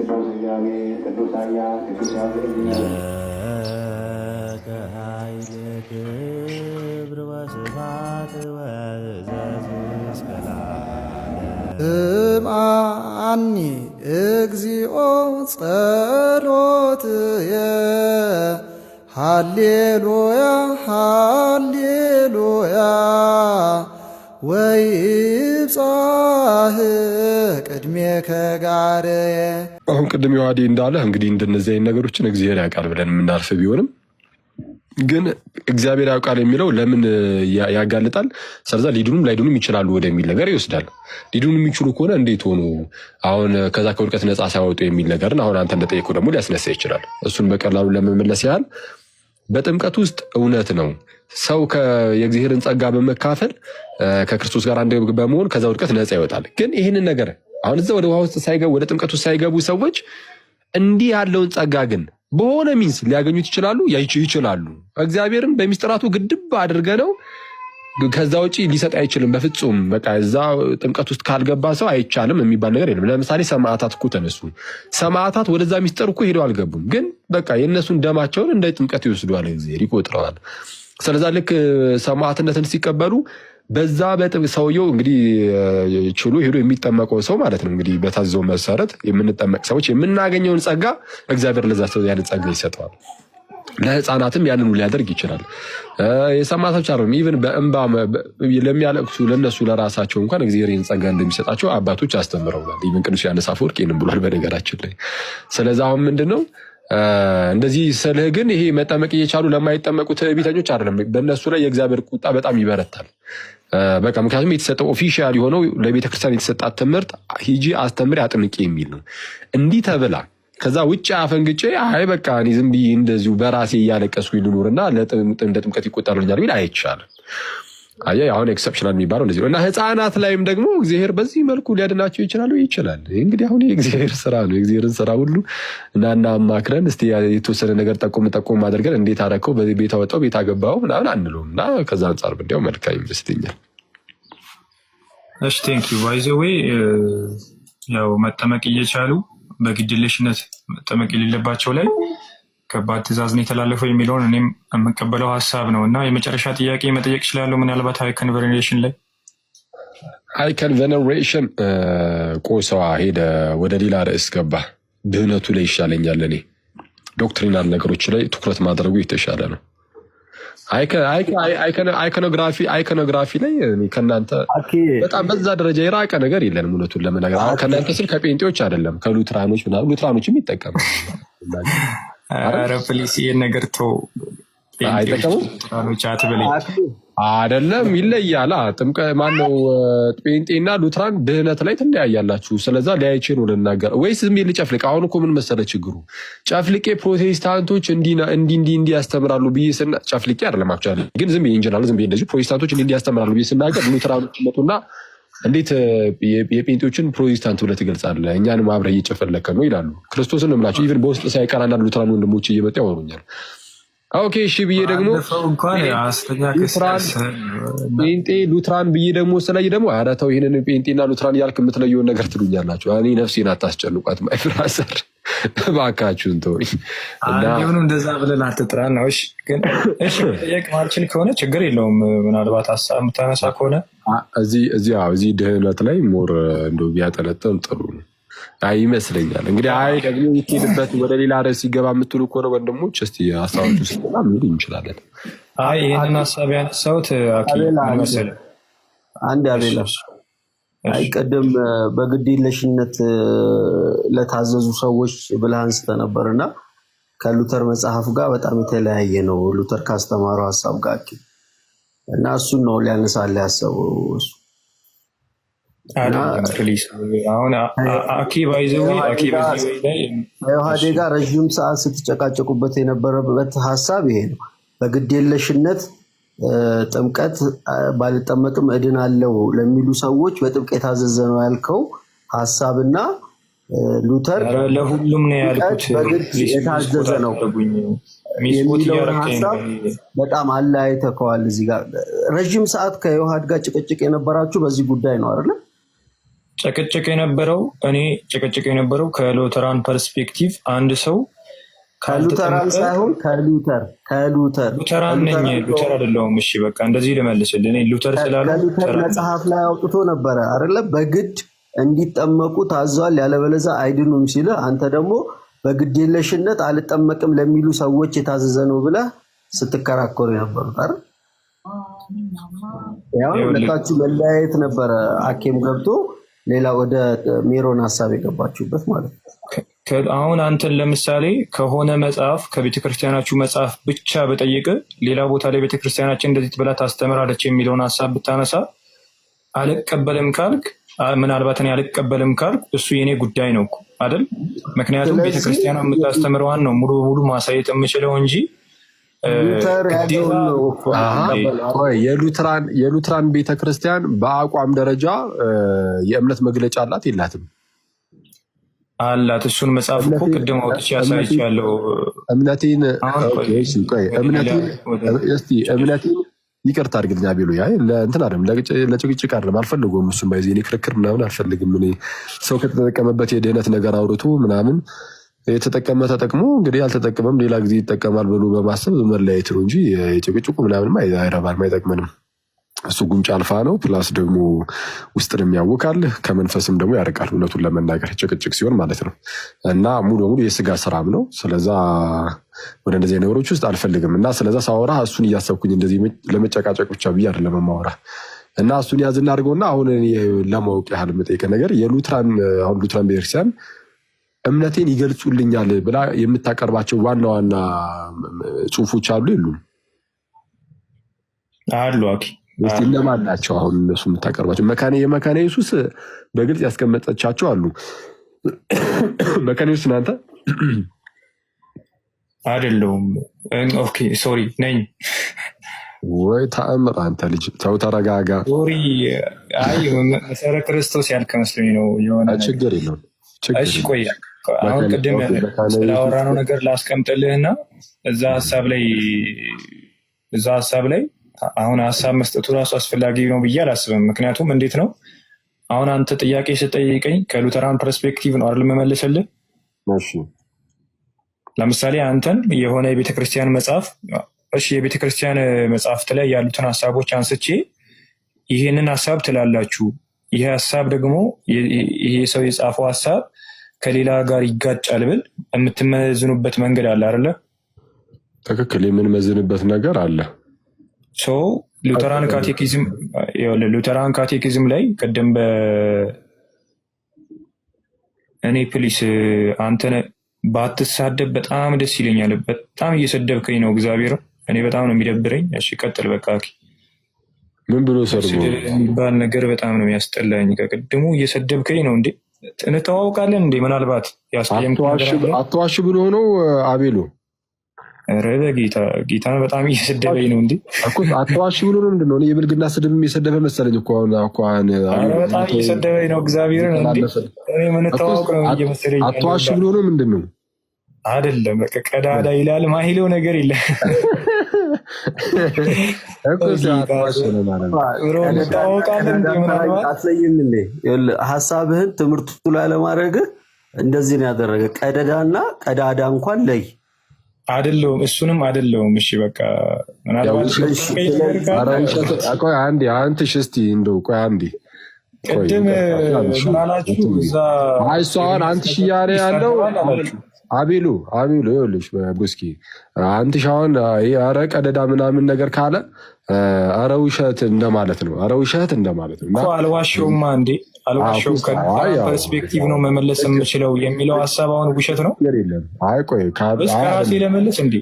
ቅዱስ እግዚአብሔር ቅዱስ አያ ቅዱስ ያብቅልከሀይል ክብር ወስባት እምአኒ እግዚኦ ጸሎትየ ሃሌሉያ ሃሌሉያ ወይብጻህ ቅድሜከ ጋርየ አሁን ቅድም የዋዲ እንዳለ እንግዲህ እንደነዚህ አይነት ነገሮችን እግዚአብሔር ያውቃል ብለን የምናርፍ ቢሆንም ግን እግዚአብሔር ያውቃል የሚለው ለምን ያጋልጣል? ስለዛ ሊድኑም ላይድኑም ይችላሉ ወደሚል ነገር ይወስዳል። ሊድኑም የሚችሉ ከሆነ እንዴት ሆኑ አሁን ከዛ ከውድቀት ነፃ ሳይወጡ የሚል ነገርን አሁን አንተ እንደጠየቁ ደግሞ ሊያስነሳ ይችላል። እሱን በቀላሉ ለመመለስ ያህል በጥምቀት ውስጥ እውነት ነው ሰው የእግዚአብሔርን ጸጋ በመካፈል ከክርስቶስ ጋር አንድ በመሆን ከዛ ውድቀት ነፃ ይወጣል። ግን ይህንን ነገር አሁን እዛ ወደ ውሃ ውስጥ ሳይገቡ ወደ ጥምቀቱ ሳይገቡ ሰዎች እንዲህ ያለውን ጸጋ ግን በሆነ ሚንስ ሊያገኙት ይችላሉ ይችላሉ። እግዚአብሔርም በሚስጥራቱ ግድብ አድርገ ነው። ከዛ ውጪ ሊሰጥ አይችልም በፍጹም። በቃ እዛ ጥምቀት ውስጥ ካልገባ ሰው አይቻልም የሚባል ነገር የለም። ለምሳሌ ሰማዕታት እኮ ተነሱ። ሰማዕታት ወደዛ ሚስጥር እኮ ሄደው አልገቡም፣ ግን በቃ የእነሱን ደማቸውን እንደ ጥምቀት ይወስዷል፣ እግዚአብሔር ይቆጥረዋል። ስለዛ ልክ ሰማዕትነትን ሲቀበሉ በዛ ሰውየው እንግዲህ ችሎ ሄዶ የሚጠመቀው ሰው ማለት ነው እንግዲህ በታዘው መሰረት የምንጠመቅ ሰዎች የምናገኘውን ጸጋ እግዚአብሔር ለዛ ሰው ያን ጸጋ ይሰጠዋል። ለህፃናትም ያንኑ ሊያደርግ ይችላል። የሰማዕታቶች ዓለም ኢቨን በእንባ ለሚያለቅሱ ለነሱ ለራሳቸው እንኳን እግዚአብሔር ጸጋ እንደሚሰጣቸው አባቶች አስተምረውናል። ኢቨን ቅዱስ ዮሐንስ አፈወርቅ ይህንም ብሏል በነገራችን ላይ። ስለዚ አሁን ምንድን ነው እንደዚህ ስልህ ግን ይሄ መጠመቅ እየቻሉ ለማይጠመቁ ትዕቢተኞች አይደለም። በእነሱ ላይ የእግዚአብሔር ቁጣ በጣም ይበረታል። በቃ ምክንያቱም የተሰጠው ኦፊሻል የሆነው ለቤተክርስቲያን የተሰጣት ትምህርት ሂጂ አስተምሪ አጥምቄ የሚል ነው። እንዲህ ተብላ ከዛ ውጭ አፈንግጬ አይ በቃ እኔ ዝም ብዬ እንደዚሁ በራሴ እያለቀስኩ ልኑርና ለጥምቀት ይቆጠርልኛል ቢል አይቻልም። አየህ አሁን ኤክሰፕሽናል የሚባለው እንደዚህ ነው እና ህፃናት ላይም ደግሞ እግዚአብሔር በዚህ መልኩ ሊያድናቸው ይችላሉ ይችላል። እንግዲህ አሁን የእግዚአብሔር ስራ ነው። የእግዚአብሔርን ስራ ሁሉ እናና አማክረን እስኪ የተወሰነ ነገር ጠቁም ጠቁም አድርገን እንዴት አደረከው፣ በዚህ ቤት አወጣው፣ ቤት አገባው ምናምን አንለውም እና ከዛ አንጻር ብንዲያው መልካም ይመስለኛል። እሺ ቴንክ ዩ ባይ ዘ ዌይ ያው መጠመቅ እየቻሉ በግድልሽነት መጠመቅ የሌለባቸው ላይ ከባድ ትዕዛዝ ነው የተላለፈው የሚለውን እኔም የምቀበለው ሀሳብ ነው እና የመጨረሻ ጥያቄ መጠየቅ ይችላሉ። ምናልባት ሃይ ኮንቨሬሽን ላይ ሃይ ኮንቨሬሽን ቆሰዋ ሄደ ወደ ሌላ ርዕስ ገባ። ድህነቱ ላይ ይሻለኛል እኔ ዶክትሪናል ነገሮች ላይ ትኩረት ማድረጉ የተሻለ ነው። አይኮኖግራፊ አይኮኖግራፊ ላይ ከእናንተ በጣም በዛ ደረጃ የራቀ ነገር የለንም። እውነቱን ለመናገር ከእናንተ ስል ከጴንጤዎች አይደለም ከሉትራኖች ሉትራኖችም ይጠቀማል ኧረ ፕሊስ ይህን ነገር ተው። አይደለም ይለያላ። ጥምቀ ማነው ጴንጤና ሉትራን ድህነት ላይ ትለያያላችሁ። ስለዛ ሊያይችን ወደ እናገር ወይስ ዝም ጨፍልቅ? አሁን እኮ ምን መሰለ ችግሩ ጨፍልቄ ፕሮቴስታንቶች እንዲ እንዲ እንዲ ያስተምራሉ ብዬ ስና ጨፍልቄ አይደለም አክቹዋሊ ግን ዝም ኢንጀራል ዝም እንደዚህ ፕሮቴስታንቶች እንዲ ያስተምራሉ ብዬ ስናገር ሉትራኖች መጡና እንዴት የጴንጤዎችን ፕሮቴስታንት ብለህ ትገልጻለህ? እኛንም አብረህ እየጨፈለከ ነው ይላሉ። ክርስቶስን እምላቸው ኢቨን በውስጥ ሳይቀር አንዳንድ ሉትራን ወንድሞች እየመጡ ያወሩኛል። ኦኬ እሺ ብዬ ደግሞ ጴንጤ ሉትራን ብዬ ደግሞ ስለይ ደግሞ ኧረ ተው ይህንን ጴንጤና ሉትራን እያልክ የምትለየውን ነገር ትሉኛላችሁ። እኔ ነፍሴን አታስጨንቋት። ማይ ብራዘር እባካችሁን ተወኝ። ሆኑ እንደዛ ብለን አትጥራን ነው። እሺ ግን እሺ ጠየቅ ማልችል ከሆነ ችግር የለውም። ምናልባት ሀሳብ የምታነሳ ከሆነ እዚህ እዚህ ድህነት ላይ ሞር እንደው ቢያጠነጥን ጥሩ ነው። አይ ይመስለኛል። እንግዲህ አይ ደግሞ የምትሄድበት ወደ ሌላ ርዕስ ሲገባ የምትሉ ከሆነ ወንድሞች እስኪ አስታዋቂ ውስጥ መሄድ እንችላለን። አይ ይህንን ሀሳብ ያነሳሁት አንድ አቤላ አይ ቀደም በግዴለሽነት ለታዘዙ ሰዎች ብለህ አንስተህ ነበር እና ከሉተር መጽሐፍ ጋር በጣም የተለያየ ነው ሉተር ካስተማረው ሀሳብ ጋር እና እሱን ነው ሊያነሳ ሊያሰቡ ጋር ረዥም ሰዓት ስትጨቃጨቁበት የነበረበት ሀሳብ ይሄ ነው። በግዴለሽነት ጥምቀት ባልጠመቅም እድን አለው ለሚሉ ሰዎች በጥብቅ የታዘዘ ነው ያልከው ሀሳብና ሉተር ለሁሉም ነው ያልኩት በግድ የታዘዘ ነው የሚለውን ሀሳብ በጣም አለያይተከዋል። እዚህ ጋር ረዥም ሰዓት ከዮሐድ ጋር ጭቅጭቅ የነበራችሁ በዚህ ጉዳይ ነው አይደለም? ጭቅጭቅ የነበረው እኔ ጭቅጭቅ የነበረው ከሉተራን ፐርስፔክቲቭ አንድ ሰው ከሉተራን ሳይሆን ከሉተር ከሉተር ሉተራን ነኝ ሉተር አይደለሁም። እሺ በቃ እንደዚህ እኔ ሉተር ከሉተር መጽሐፍ ላይ አውጥቶ ነበረ አይደለ? በግድ እንዲጠመቁ ታዟል፣ ያለበለዛ አይድኑም ሲል አንተ ደግሞ በግዴለሽነት አልጠመቅም ለሚሉ ሰዎች የታዘዘ ነው ብለህ ስትከራከሩ ነበሩ አይደል? ያው ሁለታችሁ መለያየት ነበረ አኬም ገብቶ ሌላ ወደ ሜሮን ሀሳብ የገባችሁበት ማለት ነው። አሁን አንተን ለምሳሌ ከሆነ መጽሐፍ ከቤተክርስቲያናችሁ መጽሐፍ ብቻ በጠየቀ ሌላ ቦታ ላይ ቤተክርስቲያናችን እንደዚህ ብላ ታስተምራለች የሚለውን ሀሳብ ብታነሳ አልቀበልም ካልክ ምናልባት እኔ አልቀበልም ካል እሱ የእኔ ጉዳይ ነው አይደል? ምክንያቱም ቤተክርስቲያኗ የምታስተምረዋን ነው ሙሉ በሙሉ ማሳየት የምችለው እንጂ የሉትራን ቤተክርስቲያን በአቋም ደረጃ የእምነት መግለጫ አላት የላትም? አላት። እሱን መጽሐፍ እኮ ቅድም አውጥቼ ያሳይቻለሁ። እምነቴን እምነቴን ይቅርታ አድርግልኝ ቢሉ ያ ለእንትን አይደለም ለጭቅጭቅ አይደለም፣ አልፈልጉም። እሱም ባይዜ ክርክር ምናምን አልፈልግም። እኔ ሰው ከተጠቀመበት የድህነት ነገር አውርቶ ምናምን የተጠቀመ ተጠቅሞ እንግዲህ አልተጠቀመም ሌላ ጊዜ ይጠቀማል ብሎ በማሰብ መለያየት ነው እንጂ የጭቅጭቁ ምናምንም አይረባንም፣ አይጠቅመንም። እሱ ጉንጭ አልፋ ነው። ፕላስ ደግሞ ውስጥንም ያውካል፣ ከመንፈስም ደግሞ ያርቃል። እውነቱን ለመናገር ጭቅጭቅ ሲሆን ማለት ነው እና ሙሉ በሙሉ የስጋ ስራም ነው። ስለዛ ወደ እንደዚህ ነገሮች ውስጥ አልፈልግም እና ስለዛ ሳወራ እሱን እያሰብኩኝ እንደዚህ ለመጨቃጨቅ ብቻ ብዬ አይደለም የማወራ እና እሱን ያዝና አድርገውና አሁን ለማወቅ ያህል የምጠይቀህ ነገር የሉትራን አሁን ሉትራን ቤተክርስቲያን እምነቴን ይገልጹልኛል ብላ የምታቀርባቸው ዋና ዋና ጽሁፎች አሉ የሉም? አሉ ስ እነማን ናቸው? አሁን እነሱ የምታቀርባቸው መካነ የመካነ ኢየሱስ በግልጽ ያስቀመጠቻቸው አሉ። መካነ ኢየሱስ እናንተ አይደለሁም። ሶሪ ነኝ ወይ ተአምር። አንተ ልጅ ሰው ተረጋጋ። ሶሪ መሰረ ክርስቶስ ያልከ መስሎኝ ነው የሆነ ችግር የለውም። እሺ ቆያ አሁን ቅድም ስላወራነው ነገር ላስቀምጥልህና እዛ ሀሳብ ላይ እዛ ሀሳብ ላይ አሁን ሀሳብ መስጠቱ ራሱ አስፈላጊ ነው ብዬ አላስብም። ምክንያቱም እንዴት ነው አሁን አንተ ጥያቄ ስጠይቀኝ ከሉተራን ፐርስፔክቲቭ ነው አይደል መመለስልህ። ለምሳሌ አንተን የሆነ የቤተክርስቲያን መጽሐፍ እሺ፣ የቤተክርስቲያን መጽሐፍት ላይ ያሉትን ሀሳቦች አንስቼ ይህንን ሀሳብ ትላላችሁ፣ ይህ ሀሳብ ደግሞ ይሄ ሰው የጻፈው ሀሳብ ከሌላ ጋር ይጋጫል ብል የምትመዝኑበት መንገድ አለ አይደለ? ትክክል። የምንመዝንበት ነገር አለ። ሉተራን ካቴኪዝም ላይ ቅድም እኔ ፕሊስ አንተነ ባትሳደብ በጣም ደስ ይለኛል። በጣም እየሰደብከኝ ነው። እግዚአብሔር እኔ በጣም ነው የሚደብረኝ። እሺ ቀጥል በቃ። ምን ብሎ ሰርቦ የሚባል ነገር በጣም ነው የሚያስጠላኝ። ከቅድሙ እየሰደብከኝ ነው እንዴ እንተዋውቃለን እንዴ? ምናልባት አትዋሽ ብሎ ነው አቤሉ። ኧረ በጌታ በጣም እየሰደበኝ ነው እንዴ! አትዋሽ ብሎ ነው ምንድን ነው? የብልግና ስድብ የሰደበ መሰለኝ እኮ በጣም እየሰደበኝ ነው። እግዚአብሔርን ምንተዋውቅ ነው እየመሰለኝ። አትዋሽ ብሎ ነው ምንድን ነው? አይደለም በቃ ቀዳዳ ይላል ማሂለው ነገር የለም አትለይም ሀሳብህን ትምህርቱ ላይ ለማድረግ እንደዚህ ነው ያደረገ። ቀደዳና ቀዳዳ እንኳን ለይ አደለውም፣ እሱንም አደለውም። እሺ በቃ አንድ ሺህ እስኪ እንደው ቆይ አንዴ ቅድም ምናላችሁ እዛ እሷ አሁን አንድ ሺህ ያለው አቤሉ አቤሉ ይኸውልሽ ጉስኪ አንተ ሻውን አረ ቀደዳ ምናምን ነገር ካለ አረ ውሸት እንደማለት ነው። አረ ውሸት እንደማለት ነው። አልዋሸውማ እንዴ አልዋሸው ፐርስፔክቲቭ ነው መመለስ የምችለው የሚለው ሀሳብ አሁን ውሸት ነው። አይ ቆይ ከራሴ ለመለስ እንዴ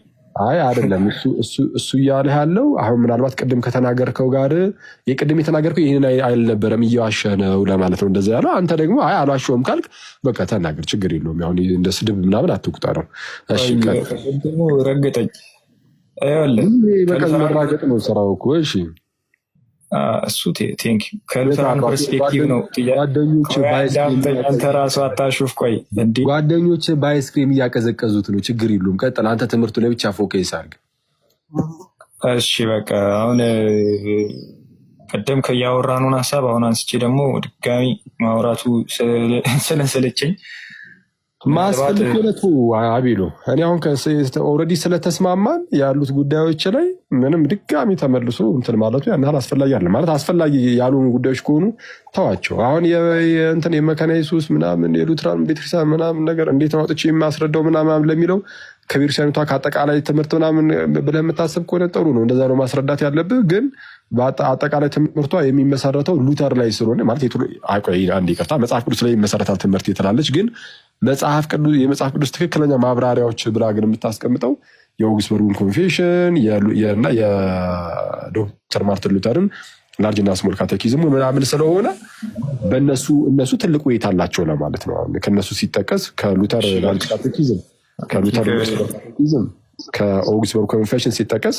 አይ አይደለም፣ እሱ እያልህ ያለው አሁን ምናልባት ቅድም ከተናገርከው ጋር የቅድም የተናገርከው ይህን አልነበረም እየዋሸ ነው ለማለት ነው እንደዛ ያለው። አንተ ደግሞ አይ አልዋሸሁም ካልክ በቃ ተናገር፣ ችግር የለውም። ሁን እንደ ስድብ ምናምን አትቁጠረው። ረገጠኝ፣ በቃ መራገጥ ነው ስራው እኮ። እሺ እሱ ቴንክ ከሉተራን ፐርስፔክቲቭ ነው። አንተ ራሱ አታሹፍ። ቆይ እንዲህ ጓደኞች በአይስክሪም እያቀዘቀዙት ነው። ችግር የሉም ቀጥል። አንተ ትምህርቱ ላይ ብቻ ፎከስ አርግ። እሺ በቃ አሁን ቅድም ያወራነውን ሀሳብ አሁን አንስቼ ደግሞ ድጋሚ ማውራቱ ስለሰለቸኝ ነቱ አቢሉ እኔ አሁን ኦልሬዲ ስለተስማማን ያሉት ጉዳዮች ላይ ምንም ድጋሚ ተመልሶ እንትን ማለቱ ያን ያህል አስፈላጊ አለ ማለት አስፈላጊ ያሉ ጉዳዮች ከሆኑ ተዋቸው። አሁን እንትን የመካናይሱስ ምናምን የሉትራን ቤተክርስቲያን ምናምን ነገር እንዴት ማውጥቼ የማስረዳው ምናምን ለሚለው ከቤተክርስቲያኒቷ ከአጠቃላይ ትምህርት ምናምን ብለህ የምታስብ ከሆነ ጥሩ ነው። እንደዛ ነው ማስረዳት ያለብህ። ግን አጠቃላይ ትምህርቷ የሚመሰረተው ሉተር ላይ ስለሆነ ማለት አንድ ይቅርታ፣ መጽሐፍ ቅዱስ ላይ ይመሰረታል ትምህርት ትላለች ግን መጽሐፍ ቅዱስ የመጽሐፍ ቅዱስ ትክክለኛ ማብራሪያዎች ብላ ግን የምታስቀምጠው የኦግስበርጉን ኮንፌሽን እና የዶክተር ማርትን ሉተርን ላርጅና ስሞል ካቴኪዝሙ ምናምን ስለሆነ በእነሱ እነሱ ትልቅ ውይይት አላቸው ለማለት ነው። ከእነሱ ሲጠቀስ ከሉተር ላርጅ ካቴኪዝም ከሉተር ካቴኪዝም ከኦግስበርግ ኮንፌሽን ሲጠቀስ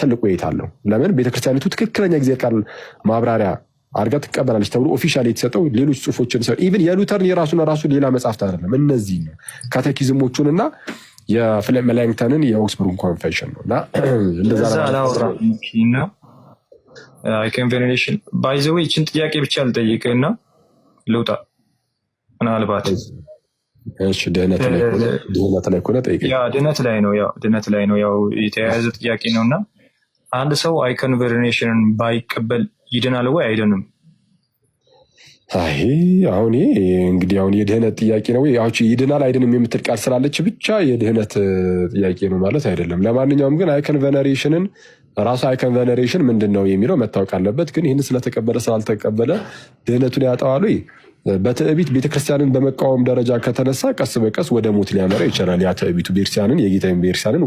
ትልቅ ውይይት አለው። ለምን ቤተክርስቲያኒቱ ትክክለኛ ጊዜ ቃል ማብራሪያ አድርጋ ትቀበላለች ተብሎ ኦፊሻል የተሰጠው ሌሎች ጽሁፎችን ሰ ኢቭን የሉተርን የራሱን ራሱ ሌላ መጽሐፍት አይደለም። እነዚህ ነው ካተኪዝሞቹን እና የመላንክተንን የኦክስብሩን ኮንፌሽን ነው እና እንደዛ ኮንቬኔሽን ባይዘዌ ይችን ጥያቄ ብቻ ልጠይቅ እና ልውጣ። ምናልባት ድህነት ላይ ነው ያው ድህነት ላይ ነው ያው የተያያዘ ጥያቄ ነው እና አንድ ሰው አይኮንቬኔሽንን ባይቀበል ይድናል ወይ አይድንም? አይ አሁን እንግዲህ አሁን የድህነት ጥያቄ ነው። ወይ ይድናል አይድንም የምትል ቃል ስላለች ብቻ የድህነት ጥያቄ ነው ማለት አይደለም። ለማንኛውም ግን አይከን ቬነሬሽንን ራሱ አይከን ቬነሬሽን ምንድን ነው የሚለው መታወቅ አለበት። ግን ይህን ስለተቀበለ ስላልተቀበለ ድህነቱን ያጠዋሉ በትዕቢት ቤተክርስቲያንን በመቃወም ደረጃ ከተነሳ ቀስ በቀስ ወደ ሞት ሊያመራ ይችላል። ያ ትዕቢቱ ቤተክርስቲያንን የጌታ ቤተክርስቲያንን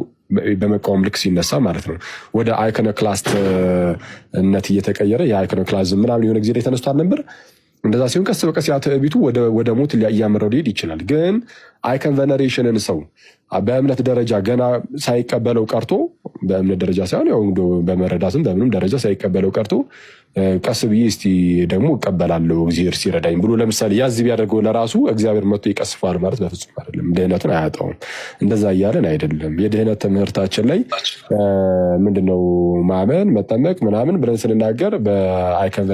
በመቃወም ልክ ሲነሳ ማለት ነው ወደ አይኮኖክላስትነት እየተቀየረ የአይኮኖክላስ ምናምን የሆነ ጊዜ ላይ ተነስቷል ነበር። እንደዛ ሲሆን ቀስ በቀስ ያ ትዕቢቱ ወደ ሞት እያመራው ሊሄድ ይችላል። ግን አይኮን ቬኔሬሽንን ሰው በእምነት ደረጃ ገና ሳይቀበለው ቀርቶ በእምነት ደረጃ ሳይሆን ያው በመረዳትም በምንም ደረጃ ሳይቀበለው ቀርቶ ቀስ ብዬ እስቲ ደግሞ እቀበላለሁ እግዚአብሔር ሲረዳኝ ብሎ ለምሳሌ ያዝ ቢያደርገው ለራሱ እግዚአብሔር መጥቶ ይቀስፈዋል ማለት በፍጹም አይደለም። ድህነቱን አያጣውም። እንደዛ እያለን አይደለም። የድህነት ትምህርታችን ላይ ምንድነው ማመን፣ መጠመቅ ምናምን ብለን ስንናገር በአይከን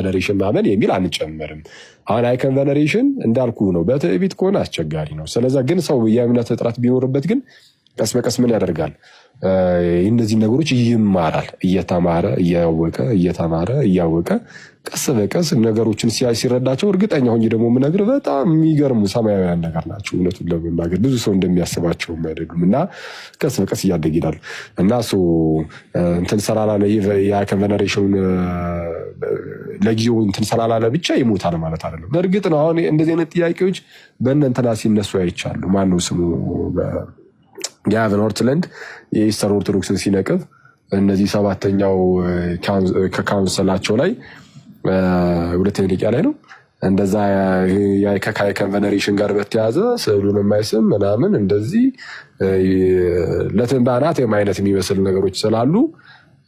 ማመን የሚል አንጨምርም። አሁን አይከን ቬነሬሽን እንዳልኩ ነው፣ በትዕቢት ከሆነ አስቸጋሪ ነው። ስለዛ ግን ሰው የእምነት እጥረት ቢኖርበት ግን ቀስ በቀስ ምን ያደርጋል እነዚህ ነገሮች ይማራል። እየተማረ እያወቀ እየተማረ እያወቀ ቀስ በቀስ ነገሮችን ሲረዳቸው እርግጠኛ ሆኜ ደግሞ ምነግር በጣም የሚገርሙ ሰማያውያን ነገር ናቸው። እውነቱን ለመናገር ብዙ ሰው እንደሚያስባቸውም አይደሉም እና ቀስ በቀስ እያደግ ይላል እና እንትን ሰላላ ያ ለጊዜው እንትን ሰላላለ ብቻ ይሞታል ማለት አይደለም። እርግጥ ነው አሁን እንደዚህ አይነት ጥያቄዎች በእነ እንትና ሲነሱ አይቻሉ ማነው ስሙ ጋቨን ሆርትለንድ የኢስተር ኦርቶዶክስን ሲነቅፍ እነዚህ ሰባተኛው ከካውንስላቸው ላይ ሁለተኛ ደቂያ ላይ ነው እንደዛ ከካይ ኮንቨነሬሽን ጋር በተያዘ ስዕሉን የማይስም ምናምን እንደዚህ ለትንባናት አይነት የሚመስል ነገሮች ስላሉ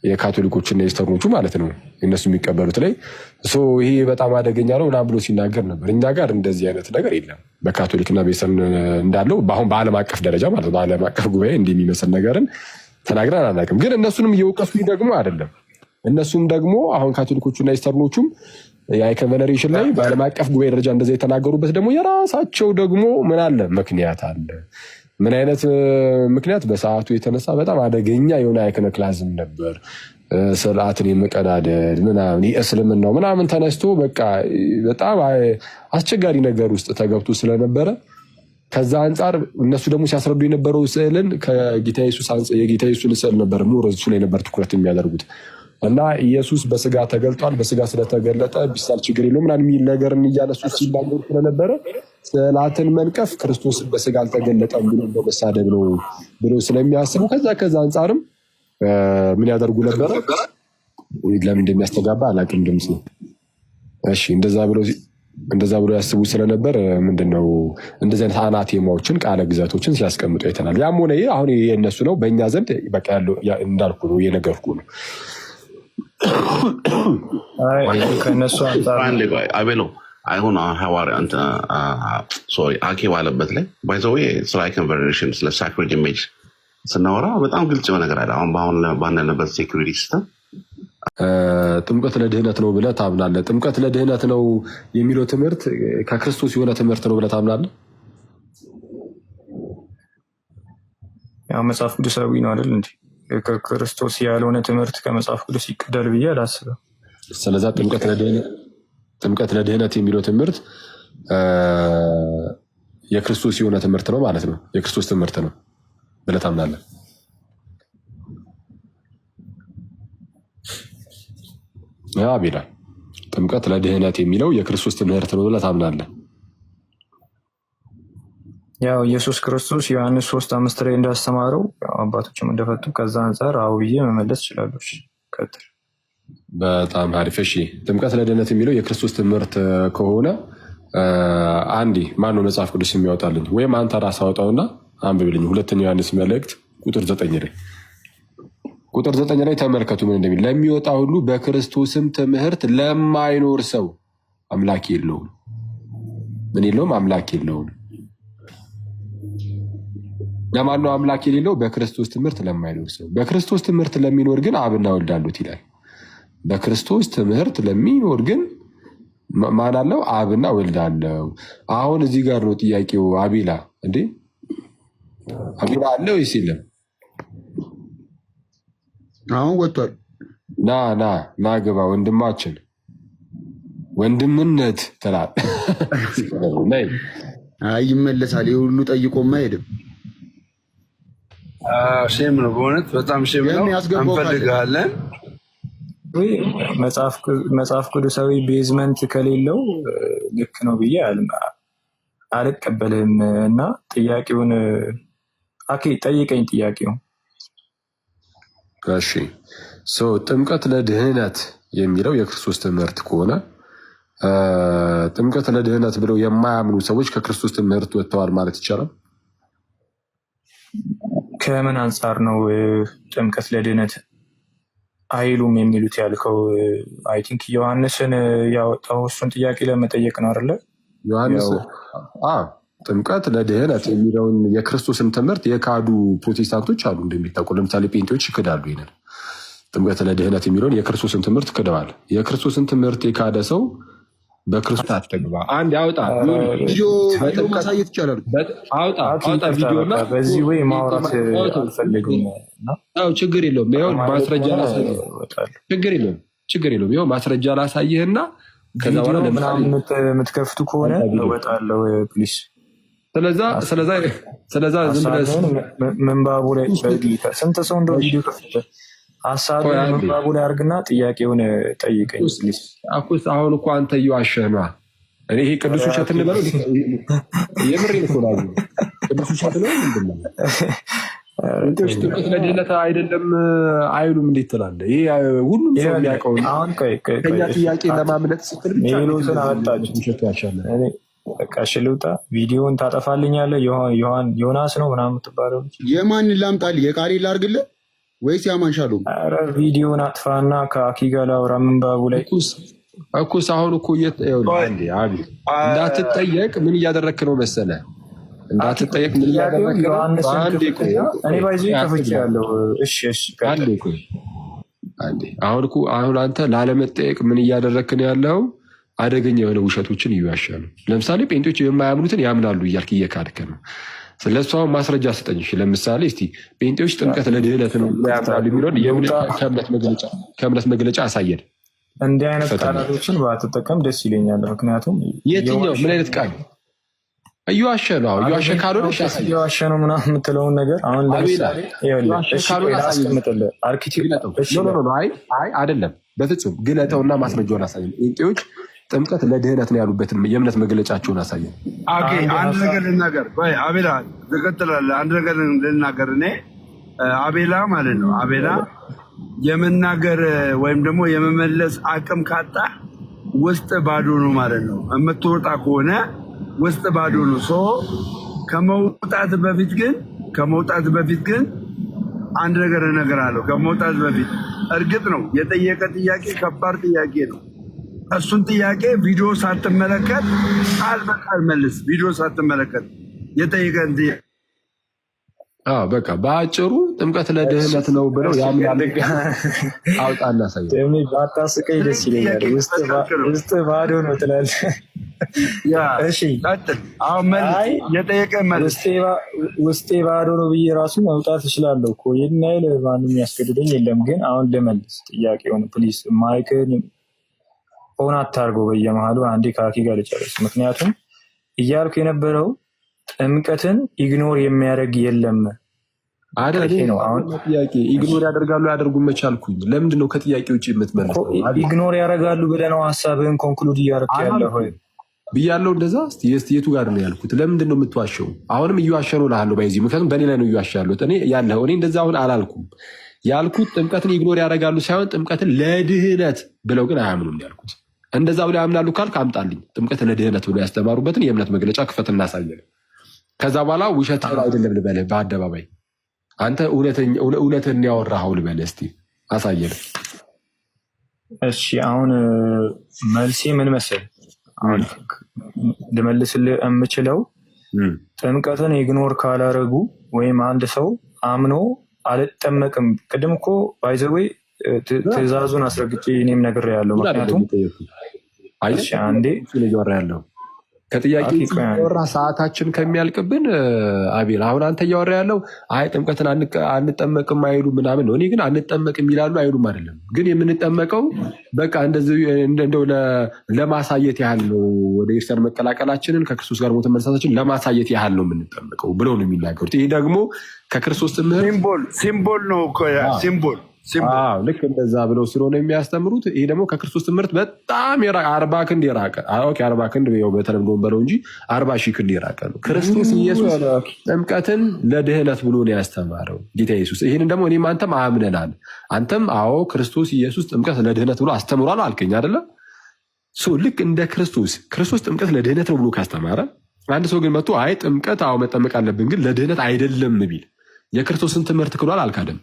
የካቶሊኮችና የስተርኖቹ ማለት ነው እነሱ የሚቀበሉት ላይ ይሄ በጣም አደገኛ ነው ምናምን ብሎ ሲናገር ነበር። እኛ ጋር እንደዚህ አይነት ነገር የለም። በካቶሊክና ቤተሰብ እንዳለው በአሁን በዓለም አቀፍ ደረጃ ማለት ነው በዓለም አቀፍ ጉባኤ እንደሚመስል ነገርን ተናግረን አናውቅም። ግን እነሱንም እየወቀሱኝ ደግሞ አይደለም። እነሱም ደግሞ አሁን ካቶሊኮቹና የስተርኖቹም የአይከቨነሬሽን ላይ በዓለም አቀፍ ጉባኤ ደረጃ እንደዚ የተናገሩበት ደግሞ የራሳቸው ደግሞ ምን አለ ምክንያት አለ ምን አይነት ምክንያት በሰዓቱ የተነሳ በጣም አደገኛ የሆነ አይክነክላዝም ነበር። ስርዓትን የመቀዳደድ ምናምን እስልምናው ምናምን ተነስቶ በቃ በጣም አስቸጋሪ ነገር ውስጥ ተገብቶ ስለነበረ ከዛ አንጻር እነሱ ደግሞ ሲያስረዱ የነበረው ስዕልን ከጌታ ኢየሱስ የጌታ ኢየሱስን ስዕል ነበር ኖረ እሱ ላይ ነበር ትኩረት የሚያደርጉት። እና ኢየሱስ በስጋ ተገልጧል፣ በስጋ ስለተገለጠ ቢሳል ችግር የለው ምናምን የሚል ነገርን እያነሱ ሲናገሩ ስለነበረ ስዕላትን መንቀፍ ክርስቶስ በስጋ አልተገለጠም ብሎ በመሳደብ ነው ብሎ ስለሚያስቡ ከዛ ከዛ አንጻርም ምን ያደርጉ ነበረ። ለምን እንደሚያስተጋባ አላቅም ድምፅ እሺ እንደዛ ብሎ እንደዛ ብሎ ያስቡ ስለነበር ምንድነው እንደዚህ አይነት አናቴማዎችን ቃለ ግዛቶችን ሲያስቀምጡ አይተናል። ያም ሆነ ይህ አሁን የእነሱ ነው። በእኛ ዘንድ በቃ ያለው እንዳልኩ ነው እየነገርኩ ነው። ከእነሱ አቤሎ አይሁን ሶሪ አኬ ባለበት ላይ ባይዘዌ ስለ ስለ ሳክሬድ ኢሜጅ ስናወራ በጣም ግልጽ የሆነ ነገር አለ። አሁን በአሁን ባለንበት ሴኩሪቲ ሲስተም ጥምቀት ለድህነት ነው ብለህ ታምናለህ። ጥምቀት ለድህነት ነው የሚለው ትምህርት ከክርስቶስ የሆነ ትምህርት ነው ብለህ ታምናለህ። ያው መጽሐፍ ቅዱሳዊ ነው አይደል እንዲህ ከክርስቶስ ያልሆነ ትምህርት ከመጽሐፍ ቅዱስ ይቀዳል ብዬ አላስብም። ስለዛ ጥምቀት ለድህነት የሚለው ትምህርት የክርስቶስ የሆነ ትምህርት ነው ማለት ነው። የክርስቶስ ትምህርት ነው ብለህ ታምናለህ? አቤላ ጥምቀት ለድህነት የሚለው የክርስቶስ ትምህርት ነው ብለህ ታምናለህ? ያው ኢየሱስ ክርስቶስ ዮሐንስ ሶስት አምስት ላይ እንዳስተማረው አባቶችም እንደፈቱ ከዛ አንጻር አዎ መመለስ ይችላለች። ቀጥል። በጣም አሪፍ እሺ። ጥምቀት ለድነት የሚለው የክርስቶስ ትምህርት ከሆነ አንዴ ማነው መጽሐፍ ቅዱስ የሚያወጣልኝ? ወይም አንተ ራስህ አውጣውና አንብብልኝ። ሁለተኛው ዮሐንስ መልእክት ቁጥር ዘጠኝ ላይ ቁጥር ዘጠኝ ላይ ተመልከቱ ምን እንደሚል ለሚወጣ ሁሉ በክርስቶስም ትምህርት ለማይኖር ሰው አምላክ የለውም። ምን የለውም? አምላክ የለውም። ለማን ነው አምላክ የሌለው? በክርስቶስ ትምህርት ለማይኖር ሰው። በክርስቶስ ትምህርት ለሚኖር ግን አብና ወልድ አሉት ይላል። በክርስቶስ ትምህርት ለሚኖር ግን ማን አለው? አብና ወልድ አለው። አሁን እዚህ ጋር ነው ጥያቄው። አቢላ እንዴ አቢላ አለ ወይስ የለም? አሁን ወጥቷል። ና ና ና ግባ ወንድማችን፣ ወንድምነት ትላል። ይመለሳል። የሁሉ ጠይቆ አይሄድም። ሼም ነው በእውነት በጣም ሼም ነው። እንፈልግሃለን። መጽሐፍ ቅዱሳዊ ቤዝመንት ከሌለው ልክ ነው ብዬ አልቀበልህም። እና ጥያቄውን አኬ ጠይቀኝ። ጥያቄው እሺ፣ ጥምቀት ለድህነት የሚለው የክርስቶስ ትምህርት ከሆነ ጥምቀት ለድህነት ብለው የማያምኑ ሰዎች ከክርስቶስ ትምህርት ወጥተዋል ማለት ይቻላል? ከምን አንጻር ነው ጥምቀት ለድህነት አይሉም የሚሉት ያልከው? አይ ቲንክ ዮሐንስን ያወጣው እሱን ጥያቄ ለመጠየቅ ነው አይደለ? ዮሐንስ ጥምቀት ለድህነት የሚለውን የክርስቶስን ትምህርት የካዱ ፕሮቴስታንቶች አሉ እንደሚታቁ፣ ለምሳሌ ጴንጤዎች ይክዳሉ ይንን ጥምቀት ለድህነት የሚለውን የክርስቶስን ትምህርት ክደዋል። የክርስቶስን ትምህርት የካደ ሰው በክርስቶስ አትግባ። አንድ አውጣ ቪዲዮ ማሳየት ይቻላል። አውጣ አውጣ በዚህ ወይ ማውራት አልፈልግም። ችግር የለውም። ይኸው ማስረጃ ላሳየህ። ችግር የለውም። ችግር የለውም። ይኸው ማስረጃ ላሳየህና ከዛ በኋላ ምናምን የምትከፍቱ ከሆነ እወጣለሁ ፕሊስ። ስለዛ ስለዛ ስለዛ ምንባቡ ላይ ስንት ሰው እንደው ቪዲዮ ከፍተህ ሀሳብ መባቡ ላይ አድርግና ጥያቄውን ጠይቀኝ። አሁን እኮ አንተ እየዋሸህ ነዋ። እኔ ይሄ ቅዱስ ውሸት እንበለው የምር ይኮላ ቅዱስ ውሸት ነው። ምንድነው ጥምቀት ለድህነት አይደለም አይሉም እንዴት ትላለህ? ይሄ ሁሉም ሰው የሚያውቀው ከኛ ጥያቄ ለማምለጥ ስትል ብቻ ውሸት ያሻለ በቃሽ ልውጣ። ቪዲዮን ታጠፋልኛለህ። ዮናስ ነው ምናምን የምትባለው የማን ላምጣልህ? የቃሪ ላርግልህ ወይስ ያማንሻሉ? ቪዲዮን አጥፋና ከአኪ ጋር ላውራ። ምንባቡ ላይ እኩስ አሁን እኮ እንዳትጠየቅ ምን እያደረክ ነው መሰለ እንዳትጠየቅ ምን እያደረክ ነው። እኔ ባይዞ ያለው አሁን እኮ አሁን አንተ ላለመጠየቅ ምን እያደረክ ነው ያለው። አደገኛ የሆነ ውሸቶችን ይዋሻሉ። ለምሳሌ ጴንጤዎች የማያምኑትን ያምናሉ እያልክ እየካድክ ነው። ስለሱ አሁን ማስረጃ ስጠኝ። ለምሳሌ እስቲ ጴንጤዎች ጥምቀት ለድህነት ነው የሚለውን ከእምነት መግለጫ አሳየን። እንዲህ አይነት ቃላቶችን ባትጠቀም ደስ ይለኛል። ምክንያቱም የትኛው ምን አይነት ቃል እየዋሸ ነው? እየዋሸ ካልሆነ እየዋሸ ነው ምናምን የምትለውን ነገር አሁን ለምሳሌ አስቀምጥልህ፣ አይደለም በፍጹም ግለጠውና ማስረጃውን አሳየን ጴንጤዎች ጥምቀት ለድህነት ነው ያሉበት የእምነት መግለጫቸውን አሳየን። አንድ ነገር ልናገር፣ አቤላ ትቀጥላለህ። አንድ ነገር ልናገር። እኔ አቤላ ማለት ነው አቤላ የመናገር ወይም ደግሞ የመመለስ አቅም ካጣ ውስጥ ባዶ ነው ማለት ነው። የምትወጣ ከሆነ ውስጥ ባዶ ነው። ሶ ከመውጣት በፊት ግን ከመውጣት በፊት ግን አንድ ነገር እነግርሃለሁ። ከመውጣት በፊት እርግጥ ነው የጠየቀ ጥያቄ ከባድ ጥያቄ ነው እሱን ጥያቄ ቪዲዮ ሳትመለከት ቃል በቃል መልስ። ቪዲዮ ሳትመለከት የጠየቀን በቃ በአጭሩ ጥምቀት ለድህነት ነው ብለው ያምናል። አውጣ እናሳየው። ባታስቀኝ ደስ ይለኛል። ውስጥ ባዶ ነው ትላለህ። ውስጤ ባዶ ነው ብዬ ራሱ መውጣት እችላለሁ እኮ ይህን ያህል ማንም ያስገድደኝ የለም። ግን አሁን ልመልስ ሆነ ፕሊስ ማይክን ሆን አታርጎ በየመሃሉ አንዴ ካኪ ጋር ልጨርስ። ምክንያቱም እያልኩ የነበረው ጥምቀትን ኢግኖር የሚያደርግ የለም ነው። ኢግኖር ያደርጋሉ ያደርጉ መቻልኩኝ ለምንድን ነው ከጥያቄ ውጭ የምትመልሰው? ኢግኖር ያደርጋሉ ብለህ ነው ሀሳብህን ኮንክሉድ እያደረክ ያለህ ብያለው እንደዛ ስ የቱ ጋር ነው ያልኩት? ለምንድን ነው የምትዋሸው? አሁንም እየዋሸ ነው ላለው በዚህ ምክንያቱም በእኔ ላይ ነው እየዋሸ ያለሁት እኔ ያለው እኔ እንደዛ አሁን አላልኩም ያልኩት ጥምቀትን ኢግኖር ያደርጋሉ ሳይሆን ጥምቀትን ለድህነት ብለው ግን አያምኑም ያልኩት እንደዛ ብሎ ያምናሉ ካልክ አምጣልኝ። ጥምቀት ለድህነት ብሎ ያስተማሩበትን የእምነት መግለጫ ክፈት እናሳየን። ከዛ በኋላ ውሸት አይደለም ልበልህ፣ በአደባባይ አንተ እውነትን ያወራኸው ልበልህ። እስቲ አሳየን። እሺ አሁን መልሴ ምን መሰል ልመልስልህ የምችለው ጥምቀትን ኢግኖር ካላረጉ ወይም አንድ ሰው አምኖ አልጠመቅም። ቅድም እኮ ባይዘዌ አስረግጭ አስረግጬ እኔም ነግሬያለሁ ምክንያቱም አንዴ እያወራ ያለው ከጥያቄወራ ሰዓታችን ከሚያልቅብን አቤል፣ አሁን አንተ እያወራ ያለው አይ ጥምቀትን አንጠመቅም አይሉ ምናምን ነው። እኔ ግን አንጠመቅም ይላሉ አይሉም አይደለም። ግን የምንጠመቀው በቃ እንደው ለማሳየት ያህል ነው፣ ወደ ክርስቲያን መቀላቀላችንን ከክርስቶስ ጋር ሞትን መነሳታችን ለማሳየት ያህል ነው የምንጠመቀው ብለው ነው የሚናገሩት። ይህ ደግሞ ከክርስቶስ ትምህርት ሲምቦል ነው ሲምቦል ልክ እንደዛ ብለው ስለሆነ የሚያስተምሩት ይሄ ደግሞ ከክርስቶስ ትምህርት በጣም አርባ ክንድ የራቀ አርባ ክንድ በተለምዶ በለው እንጂ አርባ ሺህ ክንድ የራቀ ነው። ክርስቶስ ኢየሱስ ጥምቀትን ለድህነት ብሎ ነው ያስተማረው ጌታ ኢየሱስ። ይህንን ደግሞ እኔም አንተም አምነናል። አንተም አዎ ክርስቶስ ኢየሱስ ጥምቀት ለድህነት ብሎ አስተምሯል አልከኝ አይደለም? ልክ እንደ ክርስቶስ ክርስቶስ ጥምቀት ለድህነት ነው ብሎ ካስተማረ አንድ ሰው ግን መጥቶ አይ ጥምቀት አዎ መጠመቅ አለብን ግን ለድህነት አይደለም ቢል የክርስቶስን ትምህርት ክሏል አልካደም።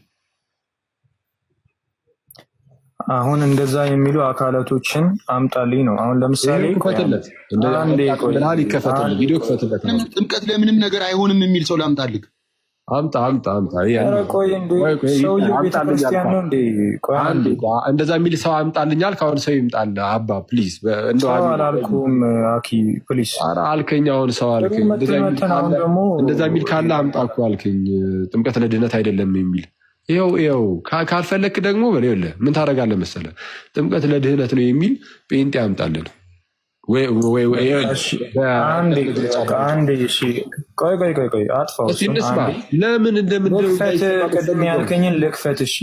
አሁን እንደዛ የሚሉ አካላቶችን አምጣልኝ ነው። አሁን ለምሳሌ ይከፈትለት ነው። ጥምቀት ለምንም ነገር አይሆንም የሚል ሰው ላምጣልህ። አምጣ አምጣ አምጣ። እንደዛ የሚል ሰው አምጣልኛል። ከአሁን ሰው ይምጣል። አባ ፕሊዝ አላልኩም። አኪ ፕሊዝ አልከኝ። አሁን ሰው አልከኝ። እንደዛ የሚል ካለ አምጣ እኮ አልከኝ። ጥምቀት ለድነት አይደለም የሚል ይኸው ይኸው ካልፈለክ ደግሞ የለ ምን ታደርጋለህ መሰለህ፣ ጥምቀት ለድህነት ነው የሚል ጴንጤ ያምጣልን። ለምን እንደምንልከኝን ልክፈት። እሺ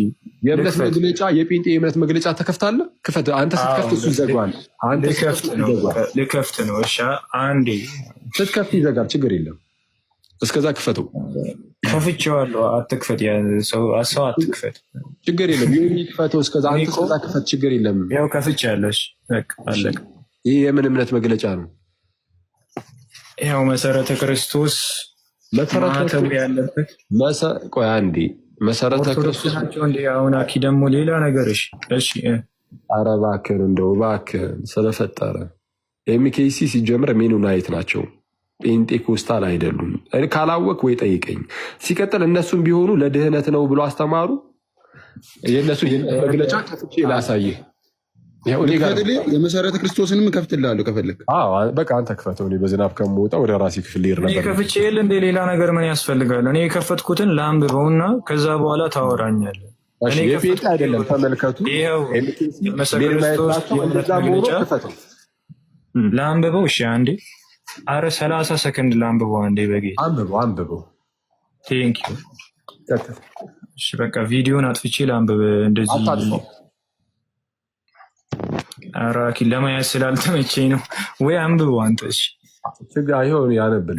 የእምነት መግለጫ የጴንጤ የእምነት መግለጫ ተከፍታለህ። ክፈት። አንተ ስትከፍት እሱ ይዘጋዋል። ልከፍት ነው። እሺ አንዴ ስትከፍት ይዘጋል። ችግር የለም እስከዛ ክፈቱ። ከፍቼዋለሁ። አትክፈት፣ ሰው አትክፈት፣ ችግር የለም። ይሁን ክፈተው። እስከዛ ክፈት፣ ችግር የለም። ያው ከፍቼዋለሁ። ይህ የምን እምነት መግለጫ ነው? ያው መሰረተ ክርስቶስ ማተቡ ያለበት ቆይ አንዴ መሰረተ ክርስቶስ አሁን አኪ ደግሞ ሌላ ነገር። እሺ ኧረ እባክህን እንደው እባክህን ስለፈጠረ ኤምኬሲ ሲጀምር ሜኑናይት ናቸው። ጴንጤኮስታል አይደሉም። ካላወቅ ወይ ጠይቀኝ። ሲቀጥል እነሱም ቢሆኑ ለድህነት ነው ብሎ አስተማሩ። የእነሱ መግለጫ ከፍቼ ላሳይህ። የመሰረተ ክርስቶስንም እከፍትልሃለሁ ከፈለክ። በቃ አንተ ክፈተው። እኔ በዝናብ ከምወጣ ወደ ራሴ ክፍል ልሄድ ነበር። ከፍቼ የለ እንደ ሌላ ነገር ምን ያስፈልጋል? እኔ የከፈትኩትን ለአንብበውና ከዛ በኋላ ታወራኛለህ። የጴንጤ አይደለም ተመልከቱ። መሰረተ ክርስቶስ ለአንብበው። እሺ አንዴ አረ ሰላሳ ሰከንድ ለአንብበ አንዴ በጌ አንብበው አንብበው። ቴንክ ዩ እሺ፣ በቃ ቪዲዮን አጥፍቼ ለአንብበ እንደዚህ አራኪ ለማየት ስላልተመቸኝ ነው። ወይ አንብበ አንተ። እሺ፣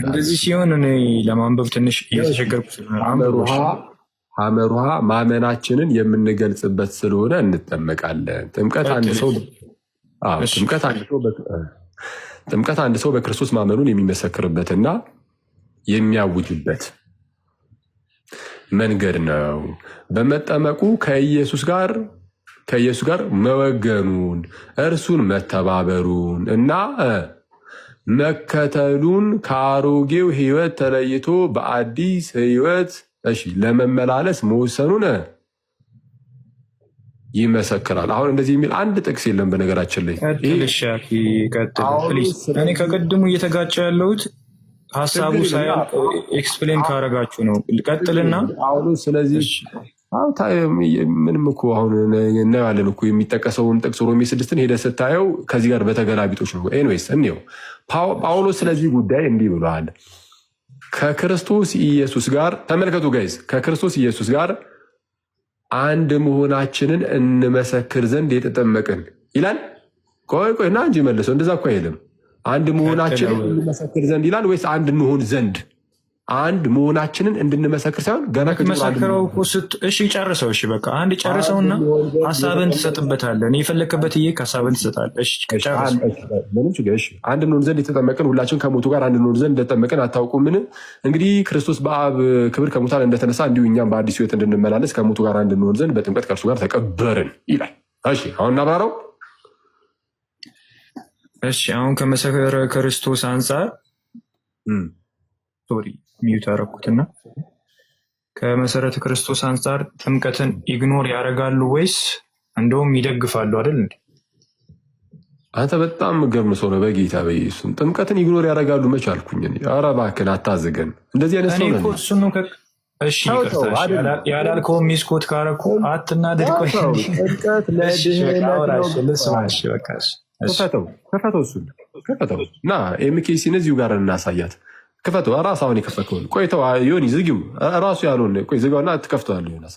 እንደዚህ ሲሆን እኔ ለማንበብ ትንሽ እየተቸገርኩ ውሃ ማመናችንን የምንገልጽበት ስለሆነ እንጠመቃለን። ጥምቀት አንድ ሰው ጥምቀት አንድ ሰው ጥምቀት አንድ ሰው በክርስቶስ ማመኑን የሚመሰክርበትና የሚያውጅበት መንገድ ነው። በመጠመቁ ከኢየሱስ ጋር ከኢየሱስ ጋር መወገኑን እርሱን መተባበሩን እና መከተሉን ከአሮጌው ሕይወት ተለይቶ በአዲስ ሕይወት እሺ ለመመላለስ መወሰኑን ይመሰክራል። አሁን እንደዚህ የሚል አንድ ጥቅስ የለም። በነገራችን ላይ እኔ ከቅድሙ እየተጋጨ ያለሁት ሀሳቡ ሳያልቅ ኤክስፕሌን ካረጋችሁ ነው። ቀጥልና አሁኑ ስለዚህ ምንም እኮ አሁን እናየዋለን እኮ የሚጠቀሰውን ጥቅስ ሮሜ ስድስትን ሄደ ስታየው ከዚህ ጋር በተገላቢጦች ነው። ኤንዌይስ እንየው። ጳውሎስ ስለዚህ ጉዳይ እንዲህ ብለዋል። ከክርስቶስ ኢየሱስ ጋር ተመልከቱ ጋይዝ፣ ከክርስቶስ ኢየሱስ ጋር አንድ መሆናችንን እንመሰክር ዘንድ የተጠመቅን ይላል። ቆይ ቆይ እና እንጂ መልሰው፣ እንደዛ እኮ አይልም። አንድ መሆናችንን እንመሰክር ዘንድ ይላል ወይስ አንድ እንሆን ዘንድ አንድ መሆናችንን እንድንመሰክር ሳይሆን ገና መሰክረው እሺ፣ ጨርሰው። እሺ በቃ አንድ ጨርሰውና ሀሳብን ትሰጥበታለን። የፈለክበት ዬ ሀሳብን ትሰጣለህ። አንድ እንሆን ዘንድ የተጠመቅን ሁላችን ከሞቱ ጋር አንድ እንሆን ዘንድ እንደተጠመቅን አታውቁምን? እንግዲህ ክርስቶስ በአብ ክብር ከሙታን እንደተነሳ እንዲሁ እኛም በአዲስ ሕይወት እንድንመላለስ ከሞቱ ጋር አንድ እንሆን ዘንድ በጥምቀት ከእርሱ ጋር ተቀበርን ይላል። እሺ አሁን እናብራረው። እሺ አሁን ከመሰከረ ክርስቶስ አንጻር ሶሪ ሚዩት አረኩትና ከመሰረተ ክርስቶስ አንጻር ጥምቀትን ኢግኖር ያደርጋሉ ወይስ እንደውም ይደግፋሉ? አይደል እንዴ? አንተ በጣም ገርም ሰው ነው። በጌታ በኢየሱስም ጥምቀትን ኢግኖር ያደርጋሉ መች አልኩኝ። ኧረ እባክህን አታዝገን። እንደዚህ አይነት ሰው ነው። እሺ ያላልከው ሚስኮት ካረኩ አትናደድ። ጥምቀት ከፈተው እሱን ከፈተው እና ኤምኬሲ እዚሁ ጋር እናሳያት ክፈቱ። ራስ አሁን የከፈከውን ቆይተው ዮኒ ዝጊው ራሱ ያልሆን ቆይ ዝጋውና ትከፍተዋል። ዮናስ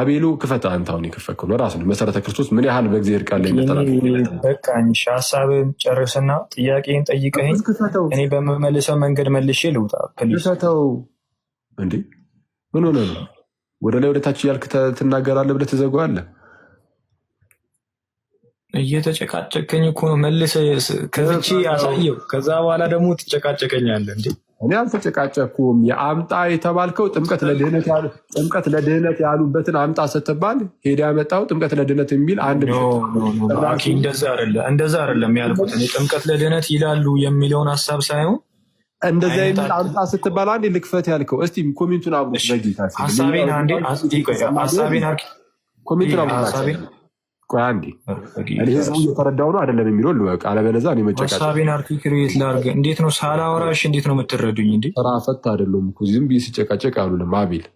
አቤሉ ክፈት። አንተ አሁን የከፈከውን ራሱ ነው መሰረተ ክርስቶስ ምን ያህል በእግዚአብሔር ቃል ላይ በቃ ሀሳብን ጨርስና ጥያቄን ጠይቀኝ እኔ በመመልሰው መንገድ መልሼ ልውጣ። ክፈተው እንዴ ምን ሆነ ነው? ወደ ላይ ወደታች እያልክ ትናገራለህ ብለህ ትዘጋዋለህ። እየተጨቃጨቀኝ እኮ ነው መልሰህ ከፍቼ አሳየው። ከዛ በኋላ ደግሞ ትጨቃጨቀኛለህ እንዴ እኔ አልተጨቃጨኩም። የአምጣ የተባልከው ጥምቀት ለድህነት ያሉበትን አምጣ ስትባል ሄደ ያመጣው ጥምቀት ለድህነት የሚል አንድ እንደዛ አይደለም ያልኩት። ጥምቀት ለድህነት ይላሉ የሚለውን ሀሳብ ሳይሆን እንደዚ የሚል አምጣ ስትባል አንድ ልክፈት ያልከው እስቲ ኮሜንቱን አብሮ ቆይ አንዴ እኔ ህዝቡ እየተረዳው ነው አይደለም የሚለው ልወቅ። አለበለዛ እኔ መጨቃጨቅ ሀሳቤን አርቲክሬት ላድርግ። እንዴት ነው ሳላወራሽ እንዴት ነው የምትረዱኝ? እንዴ ስራ ፈት አይደለም እኮ ዝም ብዬ ሲጨቃጨቅ አሉልም አቤል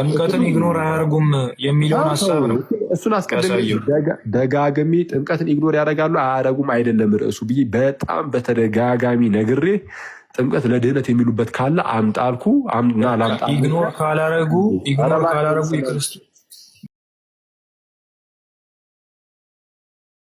ጥምቀትን ኢግኖር አያደርጉም የሚለውን ሀሳብ ነው። እሱን አስቀድሜ ደጋግሜ ጥምቀትን ኢግኖር ያደርጋሉ አያደርጉም አይደለም ርዕሱ ብዬ በጣም በተደጋጋሚ ነግሬ ጥምቀት ለድህነት የሚሉበት ካለ አምጣልኩ ና ላምጣ ኢግኖር ካላረጉ ኢግኖር ካላረጉ የክርስቶስ